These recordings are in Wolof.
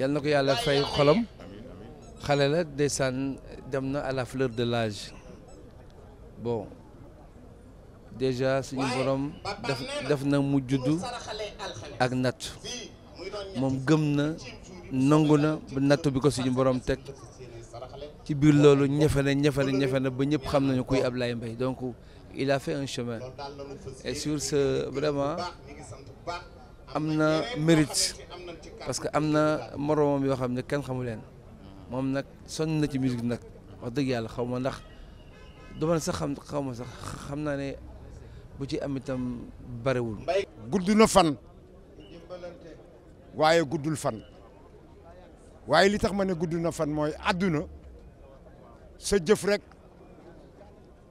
yalla nako yalla fay xolam xale la ndeysaan dem na à la fleur de l'âge bon déjà suñu borom def def na mu juddu ak nat mom gëm nanguna nangu na ba bi ko suñu borom tek ci bir lolu ñëfale ñëfale ñëfale ba ñëpp xam nañu kuy Ablaye Mbaye donc il a fait un chemin et sur ce vraiment amna mérite parce que am na moroomam yoo xam ne kenn xamu leen moom nag sonn na ci musique nag wax dëgg yàlla xaw ma ndax duma sax xam xaw ma sax xam naa ne bu ci am itam barewul. gudd na fan waaye guddul fan waaye li tax ma ne gudd na fan mooy àdduna sa jëf rek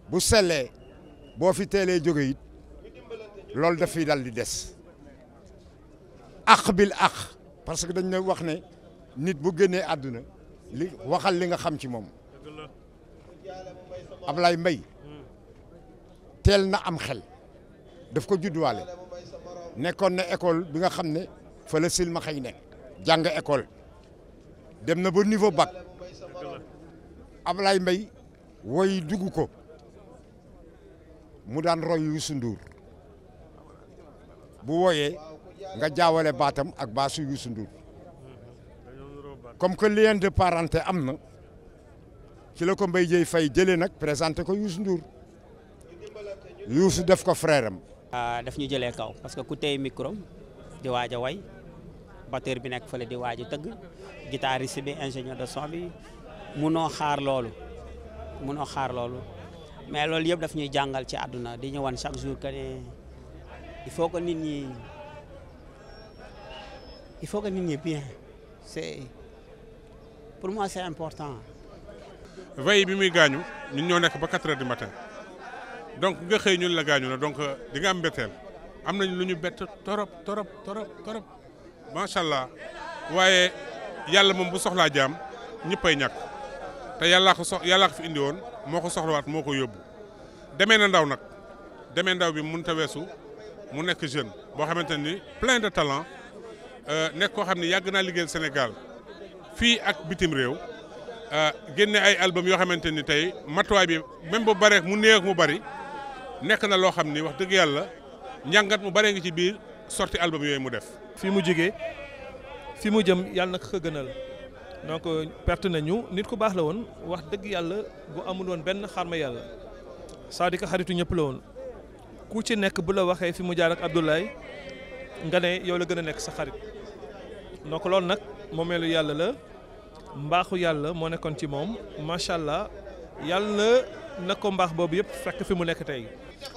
bu sellee boo fi teelee jóge it loolu daf fiy dal di des. aq bil aq parce que dañ ne wax ne nit bu génnee àdduna li waxal li nga xam ci moom Ablaye Mbaye teel na am xel daf ko judduwaale nekkoon na école bi nga xam ne fa la silma xëy nekk jàng école dem na ba niveau bac Ablaye mbay woy dugg ko mu daan roy Youssou Ndour bu wooyee nga jaawale baatam ak baasu Youssou Ndour comme que lien de parenté am na ci la ko Mbaye Dieye jëlee nag présenté ko def ko frère am. Ah, daf ñu jëlee kaw parce que ku tey micro di waaj a way batteur bi nekk fële di waaj a tëgg guitariste bi ingénieur de son bi munoo xaar loolu munoo xaar loolu mais loolu yëpp daf ñuy jàngal ci àdduna di ñëwan chaque jour que ne il faut que nit ñi. il faut que nous bien pour moi c'est important. veille bi muy nous ñun ñoo 4 heures du matin donc nous ñun la donc euh, di nga am Nous torop torop torop allah nous bu te ko ko fi indi Nous na ndaw Nous ndaw bi ta Nous mu jeune plein de talents. Euh, nekk koo xam ne yàgg naa liggéey senegal fii ak bitim réew euh, génne ay album yoo xamante ni tey matuwaay bi même bu bare mu néew mu bari nekk na loo xam ni wax dëgg yàlla njàngat mu baree ngi ci biir sorti album yooyu mu def. fi mu jigee fi mu jëm yàlla na ko gënal donc euh, perte nañu nit ku baax la woon wax dëgg yàlla bu amul woon benn xarma yàlla cest di ko xaritu ñëpp la woon ku ci nekk bu la waxee fi mu jaar ak Abdoulaye nga ne yow la gën a nekk sa xarit. donc loolu nag moomeelu yalla la mbaxu yalla mo nekkon ci mom machallah yalla yàlla na ko mbaax boobu yëpp fekk fi mu nekk tay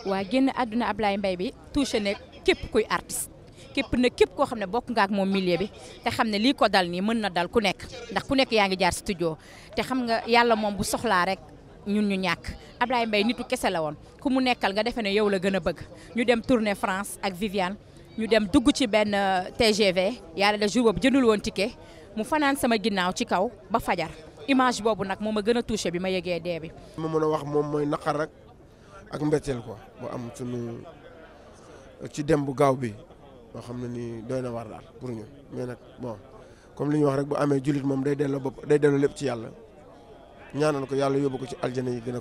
wa génn aduna Ablaye mbay bi touché nek képp kuy artiste képp na képp ko xam ne bokk nga ak moom milier bi te xam li ko dal ni mën na dal ku nekk ndax ku nekk yaangi jaar studio te xam nga yalla mom bu soxla rek. ñun ñu ñak Ablaye mbay nitu kessela won ku mu nekkal nga defee ne yow la gëna bëgg ñu dem tourner France ak Viviane ñu dem dugg ci benn euh, TGV yàlla da jour boobu jëndul woon ticket mu fanaan sama ginnaaw ci kaw ba fajar image boobu nag moom a gën a touché bi ma yëgee dee bi. moom mën a wax moom mooy naqar rek ak mbetteel quoi bu am sunu euh, ci dem bu gaaw bi moo xam ne nii doy na war daal pour ñu mais nag bon comme li ñu wax rek bu amee jullit moom day delloo day delloo lépp ci yàlla ñaanal ko yàlla yóbbu ko ci aljana yi gën a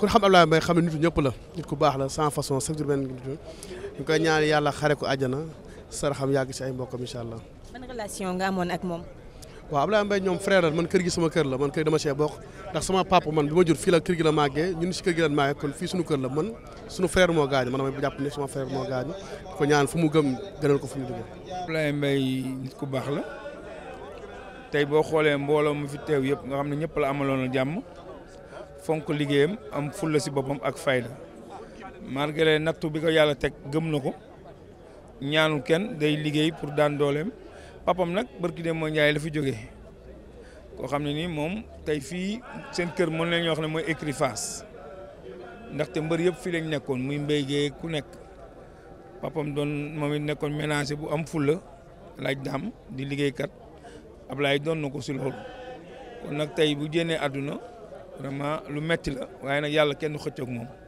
kon xam Ablaye Mbaye xam ne nitu ñëpp la nit ku baax la sans façon chaque nit koy ñaan yàlla xare ko àjjana saraxam yàgg si ay mbokkam incha allah. ban relation nga amoon ak moom. waaw Ablaye ñoom frère la man kër gi sama kër la man kër dama see bokk ndax sama papa man bi ma jur la kër la màggee ñun si kër gi la màggee kon kër la man suñu frère moo gaañu man damay jàpp ne suma frère moo gaañu ko ñaan fu mu gëm gënal ko fu mu duggee. Ablaye Mbaye ku baax la tey boo xoolee mbooloo mu fi teew yëpp nga xam ne ñëpp la amaloon jàmm fonk liggéeyam am fulla si boppam ak fayda malgré nattu bi ko yàlla teg gëm na ko ñaanul kenn day liggéey pour daan dooleem papam nag barki dem mooy Ndiaye la fi jógee koo xam ne nii moom tey fii seen kër mën nañu wax ne mooy écurie ndaxte mbër yëpp fii lañ nekkoon muy mbéy ku nekk papam doon moom it nekkoon ménager bu am fulla laaj daam di liggéeykat Ablaye doon na ko si loolu kon nag tey bu génnee àdduna vraiment lu metti la waaye na yàlla kenn du xëccoog moom